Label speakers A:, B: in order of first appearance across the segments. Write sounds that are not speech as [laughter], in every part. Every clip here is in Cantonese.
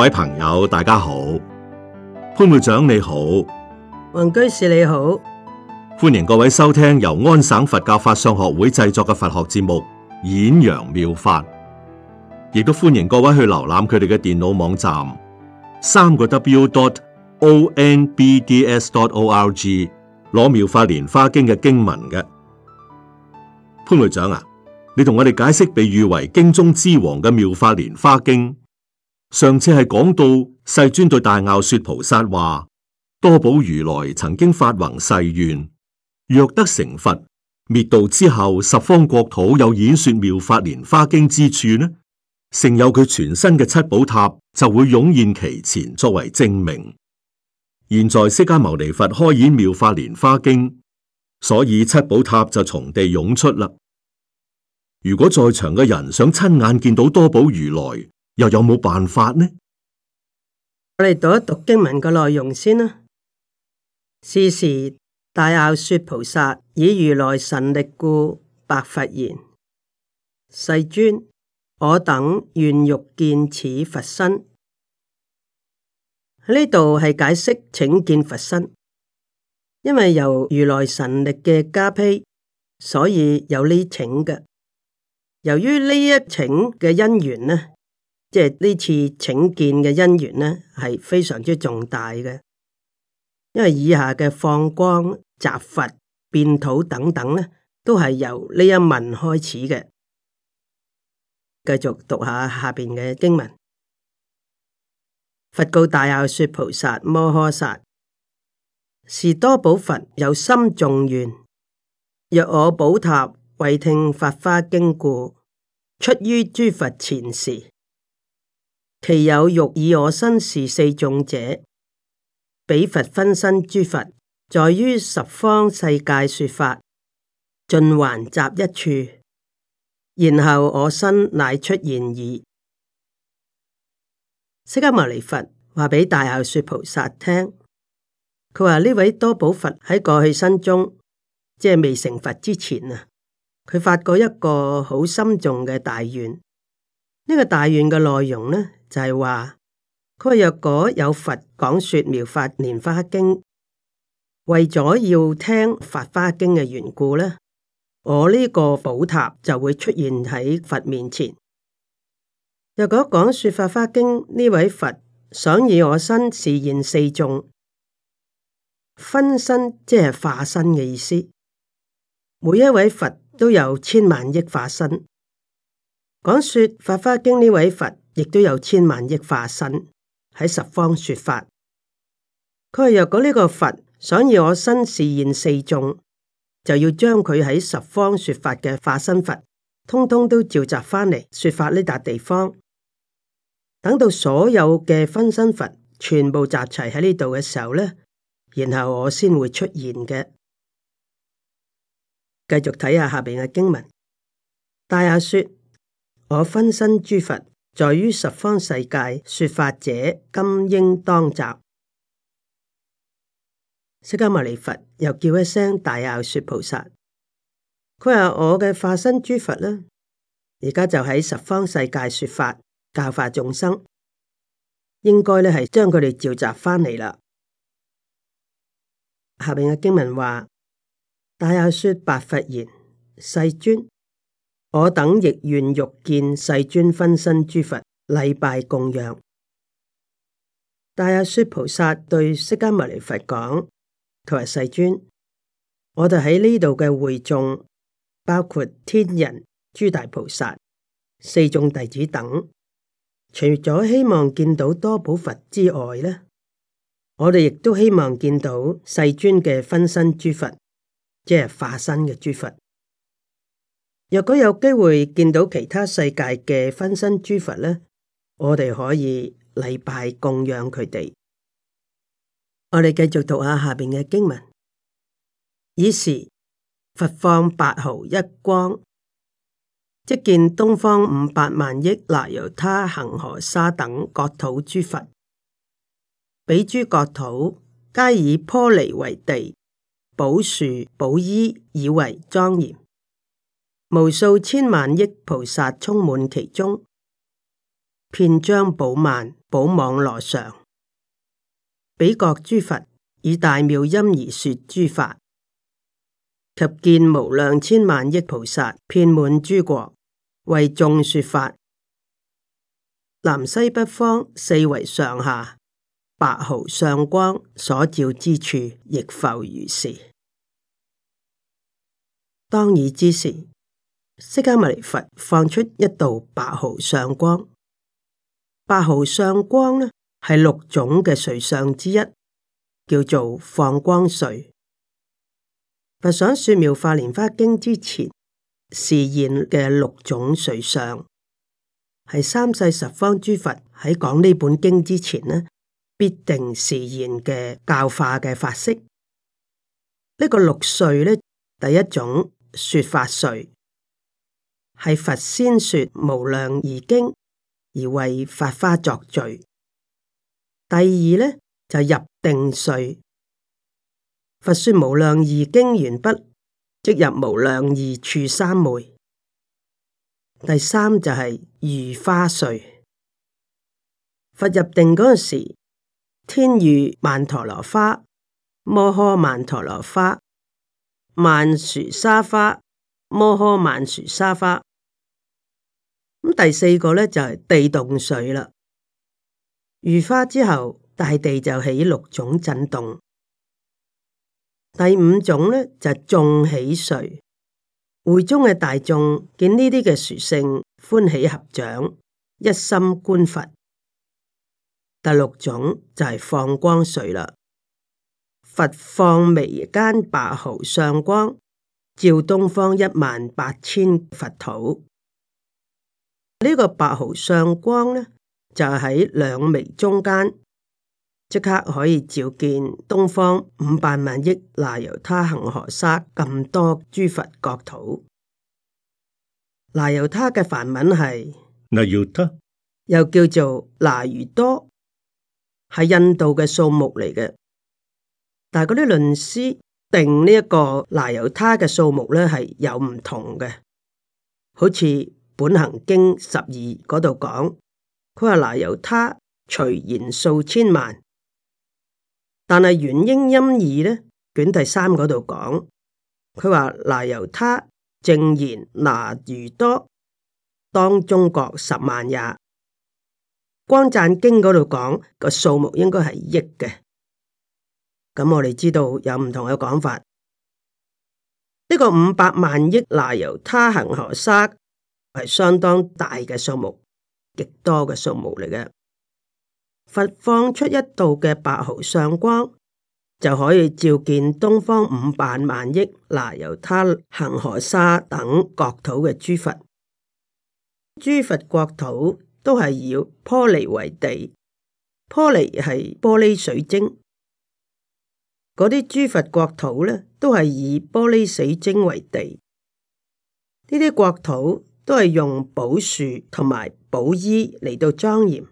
A: 各位朋友，大家好，潘會長你好，王居士你好，歡迎各位收聽由安省佛教法相學會製作嘅佛學節目《演揚妙法》，亦都歡迎各位去瀏覽佢哋嘅電腦網站三個 w.dot.o.n.b.d.s.dot.o.r.g，攞《妙法蓮花經》嘅經文嘅。潘會長啊，你同我哋解釋被譽為經中之王嘅《妙法蓮花經》。上次係講到世尊對大樂說菩薩話，多寶如來曾經發宏誓願，若得成佛滅道之後，十方國土有演說妙法蓮華經之處呢，剩有佢全身嘅七寶塔就會湧現其前作為證明。現在釋迦牟尼佛開演妙法蓮華經，所以七寶塔就從地湧出啦。如果在場嘅人想親眼見到多寶如來，又有冇辦法呢？
B: 我哋讀一讀經文嘅內容先啦。是時大樂說菩薩以如來神力故，白佛言：世尊，我等願欲見此佛身。喺呢度係解釋請見佛身，因為由如來神力嘅加被，所以有呢請嘅。由於呢一請嘅因緣呢，即係呢次請見嘅因緣呢，係非常之重大嘅。因為以下嘅放光、集佛、變土等等呢，都係由呢一文開始嘅。繼續讀下下面嘅經文：佛告大樂說菩薩薩，菩薩摩訶薩是多寶佛有深重願。若我寶塔為聽法華經故，出於諸佛前時。其有欲以我身是四眾者，彼佛分身諸佛，在於十方世界說法，盡還集一處。然後我身乃出現矣。釋迦牟尼佛話畀大樂說菩薩聽，佢話呢位多寶佛喺過去身中，即係未成佛之前啊，佢發過一個好深重嘅大願，呢、這個大願嘅內容呢？就係話佢若果有佛講說妙法蓮花經，為咗要聽法花經嘅緣故呢，我呢個寶塔就會出現喺佛面前。若果講說法花經，呢位佛想以我身示現四眾分身，即係化身嘅意思。每一位佛都有千萬億化身。講說法花經呢位佛，亦都有千萬億化身喺十方說法。佢話若果呢個佛想要我身示現四眾，就要將佢喺十方說法嘅化身佛，通通都召集翻嚟說法呢笪地方。等到所有嘅分身佛全部集齊喺呢度嘅時候咧，然後我先會出現嘅。繼續睇下下邊嘅經文，大阿說：我分身諸佛，在於十方世界說法者，今應當集。釋迦牟尼佛又叫一聲大樂說菩薩，佢話我嘅化身諸佛呢，而家就喺十方世界說法教化眾生，應該咧係將佢哋召集翻嚟啦。下邊嘅經文話大樂說白佛言：世尊。我等亦願欲見世尊分身諸佛禮拜供養。大樂說菩薩對釋迦牟尼佛講，同埋世尊，我哋喺呢度嘅會眾，包括天人、諸大菩薩、四眾弟子等，除咗希望見到多寶佛之外咧，我哋亦都希望見到世尊嘅分身諸佛，即係化身嘅諸佛。若果有機會見到其他世界嘅分身諸佛呢，我哋可以禮拜供養佢哋。我哋繼續讀下下邊嘅經文。爾時佛放白毫一光，即見東方五百萬億那由他恒河沙等國土諸佛，彼諸國土皆以玻璃為地，寶樹寶衣以為莊嚴。無數千萬億菩薩充滿其中，遍張寶幔寶網羅上。彼國諸佛以大妙音而說諸法，及見無量千萬億菩薩遍滿諸國為眾說法。南西北方四維上下，白毫上光所照之處，亦復如是。當爾之時。釋迦牟尼佛放出一道白毫相光，白毫相光呢係六種嘅瑞相之一，叫做放光瑞。佛想說《妙法蓮華經》之前，示現嘅六種瑞相，係三世十方諸佛喺講呢本經之前呢，必定示現嘅教化嘅法式。呢、這個六瑞呢，第一種，說法瑞。係佛先說無量義經而為法花作序，第二呢，就入定瑞，佛說無量義經完畢，即入無量義處三昧。第三就係雨花瑞，佛入定嗰陣時，天雨曼陀羅花，摩訶曼陀羅花，曼殊沙花，摩訶曼殊沙花。咁第四個咧就係地動瑞啦，雨花之後大地就起六種震動。第五種咧就係眾喜瑞，會中嘅大眾見呢啲嘅殊勝，歡喜合掌，一心觀佛。第六種就係放光瑞啦，佛放眉間白毫相光，照東方一萬八千佛土。呢個白毫相光呢，就喺兩眉中間，即刻可以照見東方五百萬億那由他恒河沙咁多諸佛國土。那由他嘅梵文係那由他，又叫做那庾多，係印度嘅數目嚟嘅。但係嗰啲論師定呢一個那由他嘅數目呢，係有唔同嘅，好似。本行經十二嗰度講，佢話那由他隨言數千萬，但係元英音二咧卷第三嗰度講，佢話那由他正言那庾多當中國十萬也，光讚經嗰度講個數目應該係億嘅，咁、嗯、我哋知道有唔同嘅講法，呢、這個五百萬億那由他恆河沙，係相當大嘅數目，極多嘅數目嚟嘅。佛放出一道嘅白毫相光，就可以照見東方五百萬億那由他恆河沙等國土嘅諸佛。諸佛國土都係以玻璃為地，玻璃係玻璃水晶。嗰啲諸佛國土咧，都係以玻璃水晶為地。呢啲國土，都係用寶樹同埋寶衣嚟到莊嚴，呢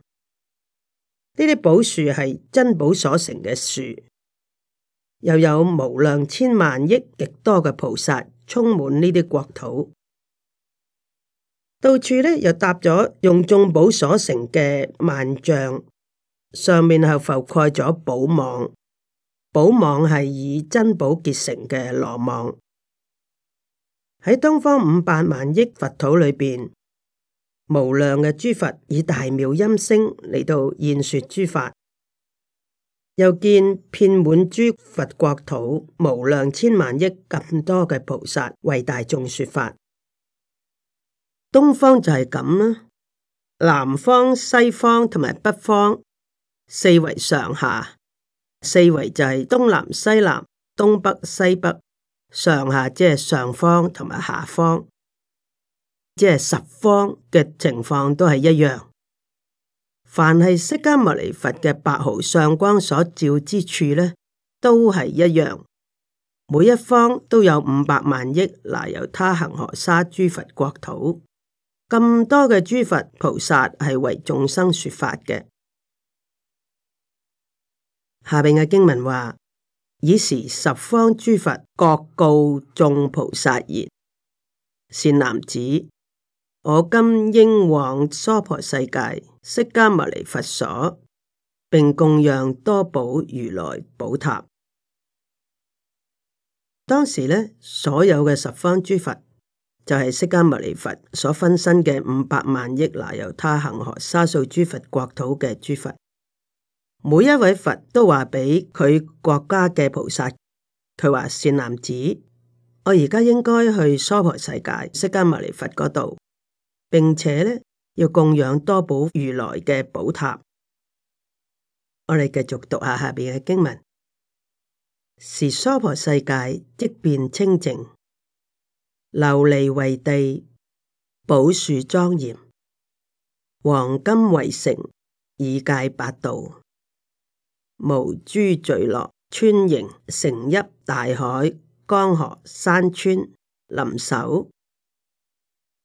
B: 啲寶樹係珍寶所成嘅樹，又有無量千萬億極多嘅菩薩充滿呢啲國土，到處咧又搭咗用眾寶所成嘅萬丈，上面係覆蓋咗寶網，寶網係以珍寶結成嘅羅網。喺東方五百萬億佛土裏邊，無量嘅諸佛以大妙音聲嚟到現說諸法，又見遍滿諸佛國土無量千萬億咁多嘅菩薩為大眾說法。東方就係咁啦，南方、西方同埋北方，四維上下，四維就係東南、西南、東北、西北。上下即係上方同埋下方，即係十方嘅情況都係一樣。凡係釋迦牟尼佛嘅白毫上光所照之處咧，都係一樣。每一方都有五百萬億那由他恆河沙諸佛國土，咁多嘅諸佛菩薩係為眾生說法嘅。下邊嘅經文話。以時十方諸佛各告眾菩薩言：善男子，我今應往娑婆世界，釋迦牟尼佛所，並供養多寶如來寶塔。當時呢，所有嘅十方諸佛，就係釋迦牟尼佛所分身嘅五百萬億那由他恒河沙數諸佛國土嘅諸佛。每一位佛都話畀佢國家嘅菩薩，佢話善男子，我而家應該去娑婆世界釋迦牟尼佛嗰度，並且咧要供養多寶如來嘅寶塔。我哋繼續讀下下邊嘅經文：是娑婆世界即變清淨，琉璃為地，寶樹莊嚴，黃金為城，以界八道。無諸聚落，村營城邑、大海、江河山川林藪，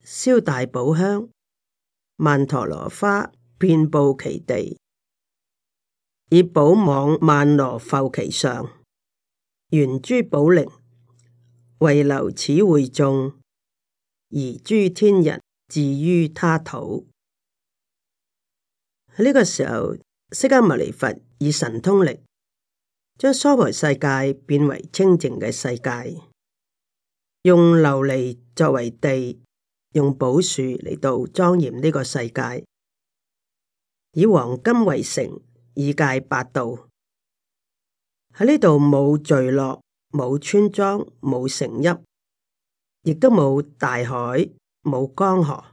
B: 燒大寶香，曼陀羅花遍布其地，以寶網幔羅覆其上，懸諸寶鈴，唯留此會眾，移諸天人置於他土。呢個時候。釋迦牟尼佛以神通力將娑婆世界變為清淨嘅世界，用琉璃作為地，用寶樹嚟到莊嚴呢個世界，以黃金為城，以界八道。喺呢度冇聚落，冇村莊，冇城邑，亦都冇大海，冇江河，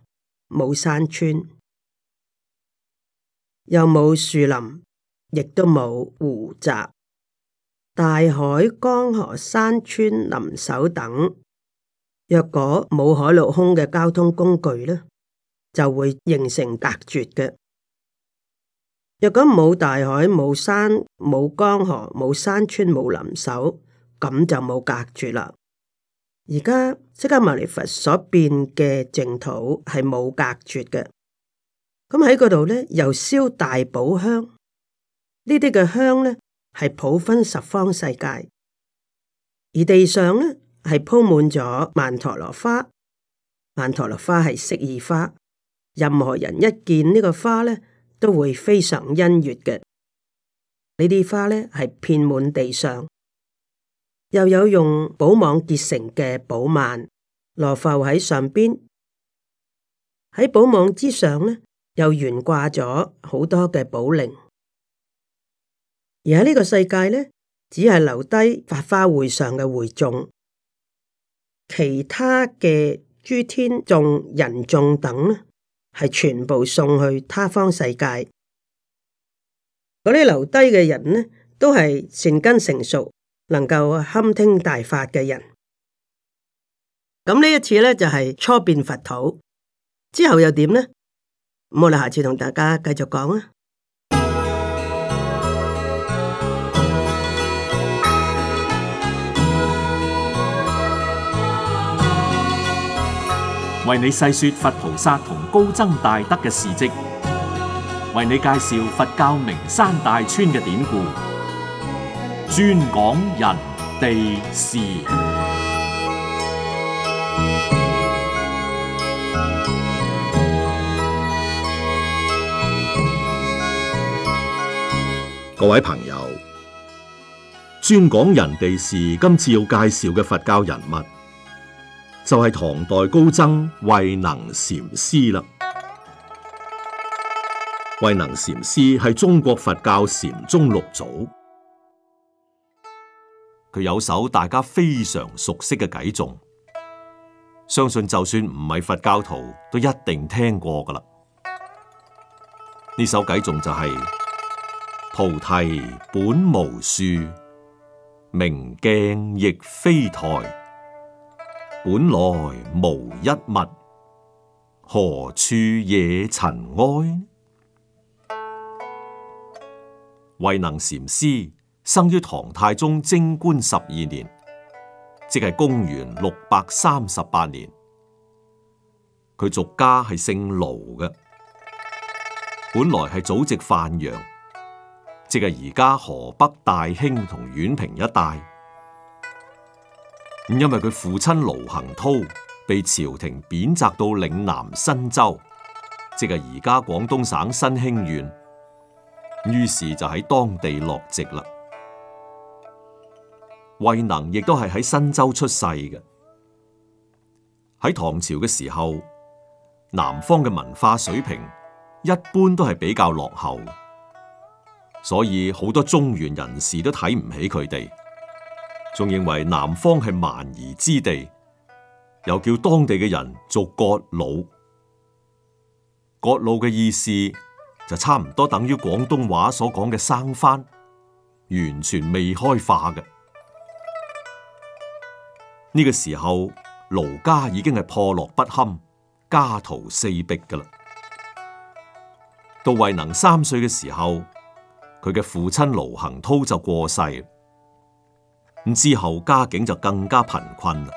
B: 冇山川。又冇樹林，亦都冇湖澤、大海、江河、山川、林藪等。若果冇海陸空嘅交通工具呢，就會形成隔絕嘅。若果冇大海、冇山、冇江河、冇山川、冇林藪，咁就冇隔絕啦。而家釋迦牟尼佛所變嘅淨土係冇隔絕嘅。咁喺嗰度咧，又燒大寶香，呢啲嘅香呢，係普分十方世界，而地上呢，係鋪滿咗曼陀羅花，曼陀羅花係色二花，任何人一見呢個花呢，都會非常欣悅嘅。呢啲花呢，係遍滿地上，又有用寶網結成嘅寶曼羅浮喺上邊，喺寶網之上呢。又懸掛咗好多嘅寶鈴，而喺呢個世界呢，只係留低法花會上嘅會眾，其他嘅諸天眾、人眾等呢，係全部送去他方世界。嗰啲留低嘅人呢，都係善根成熟，能夠堪聽大法嘅人。咁呢一次呢，就係、是、初變佛土，之後又點呢？咁我哋下次同大家繼續講啊！
A: 為你細說佛菩薩同高僧大德嘅事蹟，為你介紹佛教名山大川嘅典故，專講人地事。各位朋友，專講人哋事，今次要介紹嘅佛教人物就係、是、唐代高僧慧能禪師啦。慧能禪師係中國佛教禪宗六祖，佢有首大家非常熟悉嘅偈頌，相信就算唔係佛教徒都一定聽過噶啦。呢首偈頌就係、是。菩提本無樹，明鏡亦非台。本來無一物，何處惹塵埃？ [noise] 慧能禪師生於唐太宗貞觀十二年，即係公元六百三十八年。佢俗家係姓盧嘅，本來係祖籍范陽。即係而家河北大興同宛平一帶，咁因為佢父親盧行濤被朝廷貶謫到嶺南新州，即係而家廣東省新興縣，於是就喺當地落籍啦。惠能亦都係喺新州出世嘅，喺唐朝嘅時候，南方嘅文化水平一般都係比較落後。所以好多中原人士都睇唔起佢哋，仲認為南方係蠻夷之地，又叫當地嘅人做割佬。割佬嘅意思就差唔多等於廣東話所講嘅生番，完全未開化嘅。呢個時候，盧家已經係破落不堪、家徒四壁嘅啦。到慧能三歲嘅時候，佢嘅父親盧行濤就過世，之後家境就更加貧困啦。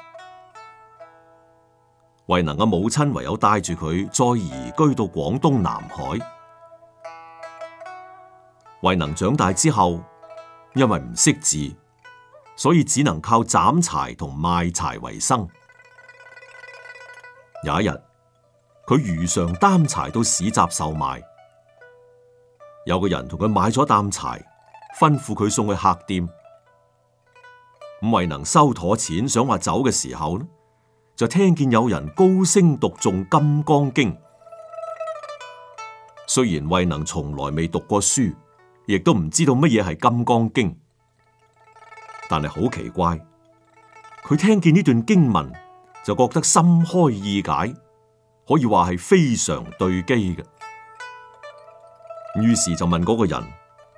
A: 慧能嘅母親唯有帶住佢再移居到廣東南海。慧能長大之後，因為唔識字，所以只能靠斬柴同賣柴為生。有一日，佢如常擔柴到市集售賣。有個人同佢買咗擔柴，吩咐佢送去客店。慧能收妥錢，想話走嘅時候呢，就聽見有人高聲讀誦《金剛經》。雖然慧能從來未讀過書，亦都唔知道乜嘢係《金剛經》，但係好奇怪，佢聽見呢段經文就覺得心開意解，可以話係非常對機嘅。於是就問嗰個人，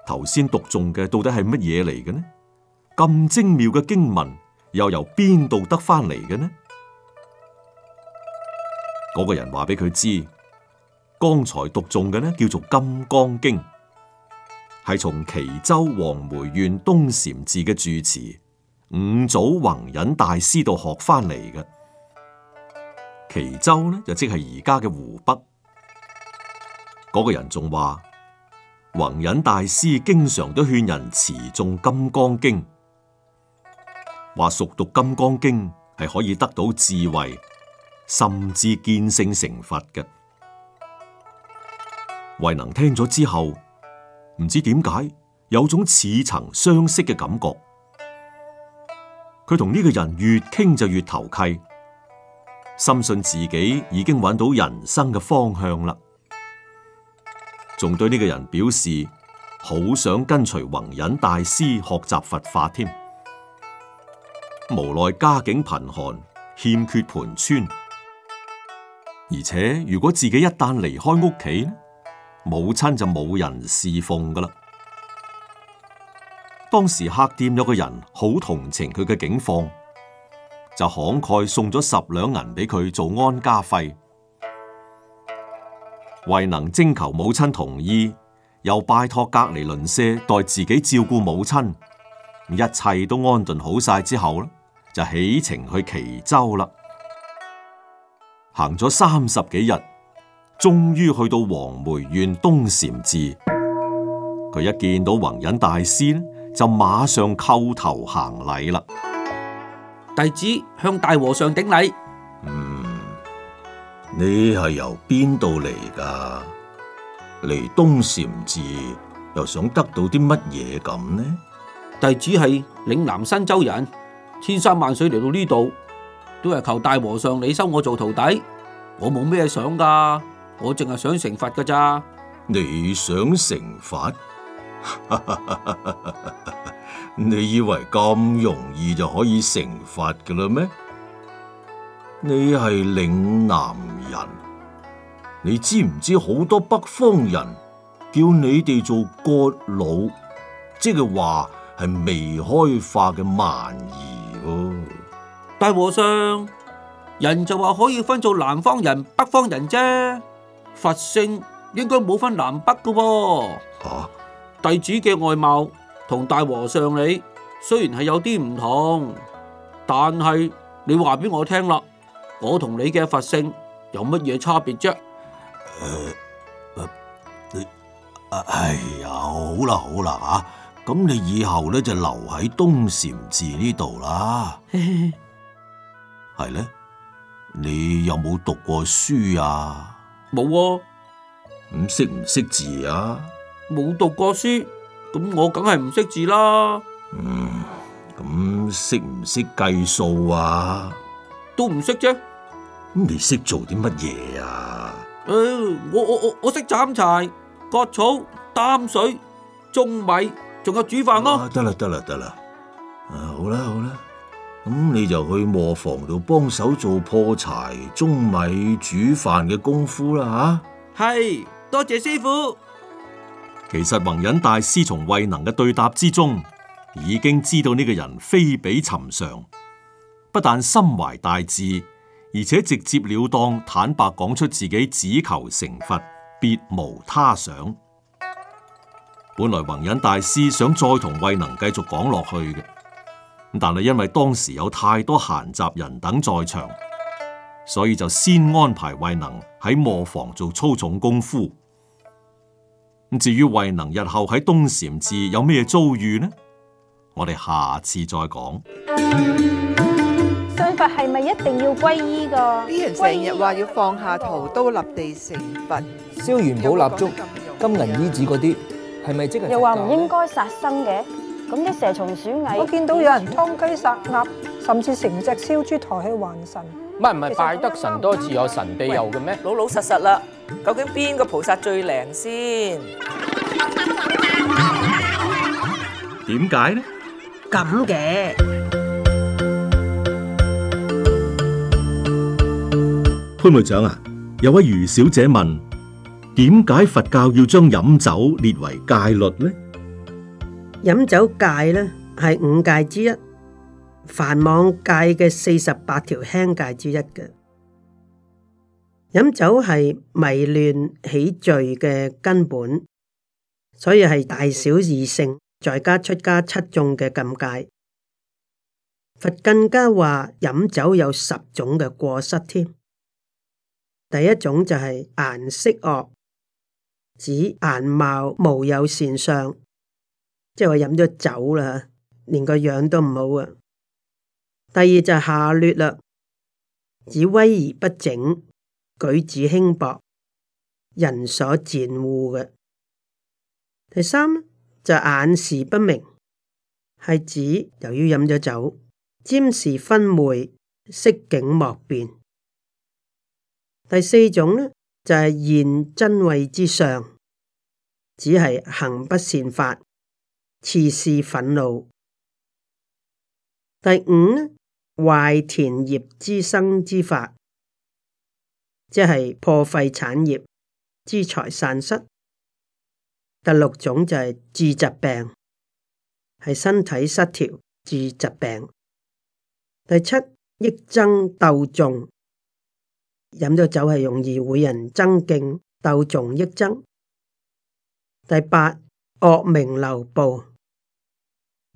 A: 頭先讀誦嘅到底係乜嘢嚟嘅呢？咁精妙嘅經文，又由邊度得翻嚟嘅呢？嗰個人話俾佢知，剛才讀誦嘅呢叫做《金剛經》，係從蘄州黃梅縣東禪寺嘅住持五祖弘忍大師度學翻嚟嘅。蘄州呢就即係而家嘅湖北。嗰個人仲話。弘忍大師經常都勸人持誦金剛經，話熟讀金剛經係可以得到智慧，甚至見性成佛嘅。慧能聽咗之後，唔知點解，有種似曾相識嘅感覺。佢同呢個人越傾就越投契，深信自己已經揾到人生嘅方向啦。仲對呢個人表示，好想跟隨弘忍大師學習佛法添。無奈家境貧寒，欠缺盤纏。而且如果自己一旦離開屋企，母親就冇人侍奉噶啦。當時客店有個人好同情佢嘅境況，就慷慨送咗十兩銀俾佢做安家費。為能徵求母親同意，又拜託隔籬鄰舍代自己照顧母親，一切都安頓好晒之後啦，就起程去岐州啦。行咗三十幾日，終於去到黃梅縣東禪寺。佢一見到弘忍大師，就馬上叩頭行禮啦。弟子向大和尚頂禮。嗯你係由邊度嚟噶？嚟東禪寺又想得到啲乜嘢咁呢？弟子係嶺南新州人，千山萬水嚟到呢度，都係求大和尚你收我做徒弟。我冇咩想噶，我淨係想成佛噶咋。你想成佛？ [laughs] 你以為咁容易就可以成佛噶啦咩？你係嶺南人，你知唔知好多北方人叫你哋做割佬，即係話係未開化嘅蠻夷？哦？大和尚，人就話可以分做南方人、北方人啫。佛性應該冇分南北嘅噃，哦。啊，弟子嘅外貌同大和尚你雖然係有啲唔同，但係你話俾我聽啦。我同你嘅佛性有乜嘢差別啫？誒誒、呃，你哎呀，好啦、啊、好啦、啊、吓，咁、嗯、你以後咧就留喺東禪寺呢度啦。係咧， [laughs] 你有冇讀過書呀啊？冇。咁識唔識字啊？冇讀過書，咁我梗係唔識字啦。嗯，咁識唔識計數啊？都唔識啫，咁你識做啲乜嘢啊？誒，我我我我識斬柴、割草、擔水、種米，仲有煮飯咯。得啦得啦得啦，啊好啦好啦，咁、嗯、你就去磨房度幫手做破柴、中米、煮飯嘅功夫啦吓。係、啊，多謝師傅。其實弘忍大師從慧能嘅對答之中，已經知道呢個人非比尋常。不但心懷大志，而且直接了當，坦白講出自己只求成佛，別無他想。本來弘忍大師想再同慧能繼續講落去嘅，但係因為當時有太多閒雜人等在場，所以就先安排慧能喺磨房做粗重功夫。咁至於慧能日後喺東禪寺有咩遭遇呢？我哋下次再講。 [music] 佛係咪一定要皈依噶？啲人成日話要放下屠刀立地成佛，燒元寶蠟燭、金銀衣紙嗰啲，係咪即係？又話唔應該殺生嘅，
B: 咁啲蛇蟲鼠蟻，我見到有人劏雞殺鴨，甚至成隻燒豬抬去還
A: 神。唔係唔係，拜得神多自有神庇佑嘅咩？老老實實啦，究竟邊個菩薩最靈先？點解呢？
B: 咁嘅。
A: 潘會長啊，有位余小姐問：點解佛教要將飲酒列為戒律咧？
B: 飲酒戒咧係五戒之一，梵網戒嘅四十八條輕戒之一嘅。飲酒係迷亂起罪嘅根本，所以係大小二乘在家出家七眾嘅禁戒。佛更加話飲酒有十種嘅過失添。第一種就係顏色惡，指顏貌無有善相，即係話飲咗酒啦，連個樣都唔好啊。第二就係下劣啦，指威儀不整，舉止輕薄，人所賤惡嘅。第三就係眼視不明，係指由於飲咗酒，占時昏昧，色景莫辨。第四種呢，就係、是、現真慧之相，只係行不善法，次是憤怒。第五咧壞田業之生之法，即係破費產業、資財散失。第六種就係致疾病，係身體失調致疾病。第七益爭鬥眾。飲咗酒係容易會人爭競，鬥眾益增。第八惡名流布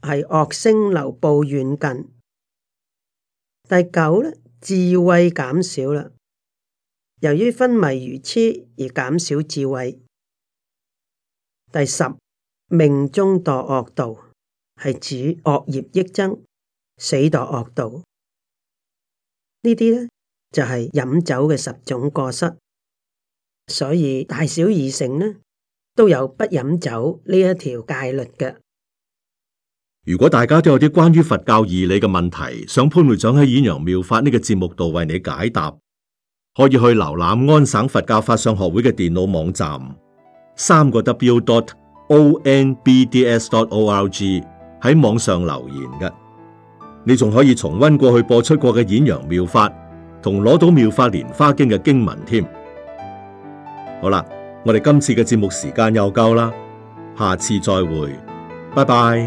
B: 係惡聲流布遠近。第九咧智慧減少啦，由於昏迷如痴而減少智慧。第十命中墮惡道，係指惡業益增，死墮惡道。呢啲呢。就係飲酒嘅十種過失，所以大小二乘呢都有不飲酒呢一條戒律嘅。
A: 如果大家都有啲關於佛教義理嘅問題，想潘會長喺演揚妙法呢，這個節目度為你解答，可以去瀏覽安省佛教法相學會嘅電腦網站，三個 w dot o n b d s dot o r g 喺網上留言嘅。你仲可以重溫過去播出過嘅演揚妙法。同攞到妙法蓮花經嘅經文添。好啦，我哋今次嘅節目時間又夠啦，下次再會，拜拜。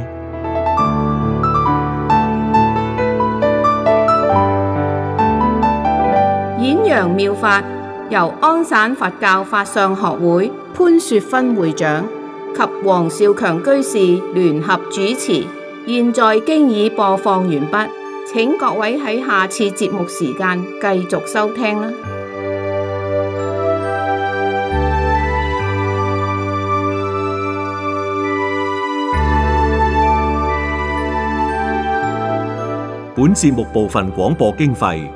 B: 演揚妙法由安省佛教法相學會潘雪芬會長及黃少強居士聯合主持，現在已經已播放完畢。請各位喺下次節目時間繼續收聽啦。
A: 本節目部分廣播經費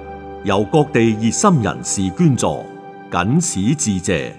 A: 由各地熱心人士捐助，謹此致謝。